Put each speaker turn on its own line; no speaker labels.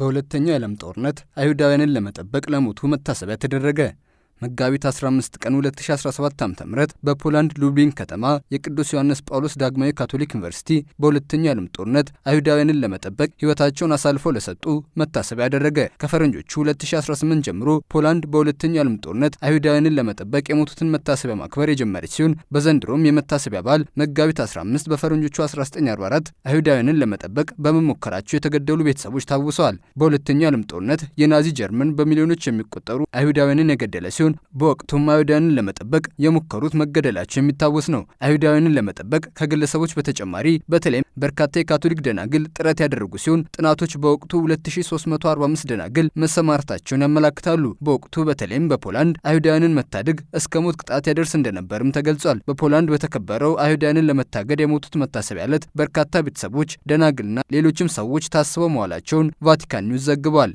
በሁለተኛው የዓለም ጦርነት አይሁዳውያንን ለመጠበቅ ለሞቱ መታሰቢያ ተደረገ። መጋቢት 15 ቀን 2017 ዓ ም በፖላንድ ሉብሊን ከተማ የቅዱስ ዮሐንስ ጳውሎስ ዳግማዊ ካቶሊክ ዩኒቨርሲቲ በሁለተኛው የዓለም ጦርነት አይሁዳውያንን ለመጠበቅ ሕይወታቸውን አሳልፈው ለሰጡ መታሰቢያ ያደረገ። ከፈረንጆቹ 2018 ጀምሮ ፖላንድ በሁለተኛው የዓለም ጦርነት አይሁዳውያንን ለመጠበቅ የሞቱትን መታሰቢያ ማክበር የጀመረች ሲሆን በዘንድሮም የመታሰቢያ በዓል መጋቢት 15 በፈረንጆቹ 1944 አይሁዳውያንን ለመጠበቅ በመሞከራቸው የተገደሉ ቤተሰቦች ታውሰዋል። በሁለተኛው የዓለም ጦርነት የናዚ ጀርመን በሚሊዮኖች የሚቆጠሩ አይሁዳውያንን የገደለ ሲሆን ሲሆን በወቅቱም አይሁዳውያንን ለመጠበቅ የሞከሩት መገደላቸው የሚታወስ ነው። አይሁዳውያንን ለመጠበቅ ከግለሰቦች በተጨማሪ በተለይም በርካታ የካቶሊክ ደናግል ጥረት ያደረጉ ሲሆን ጥናቶች በወቅቱ 2345 ደናግል መሰማርታቸውን ያመላክታሉ። በወቅቱ በተለይም በፖላንድ አይሁዳውያንን መታደግ እስከ ሞት ቅጣት ያደርስ እንደነበርም ተገልጿል። በፖላንድ በተከበረው አይሁዳውያንን ለመታገድ የሞቱት መታሰቢያ ዕለት በርካታ ቤተሰቦች፣ ደናግልና ሌሎችም ሰዎች ታስበው መዋላቸውን ቫቲካን ኒውስ ዘግቧል።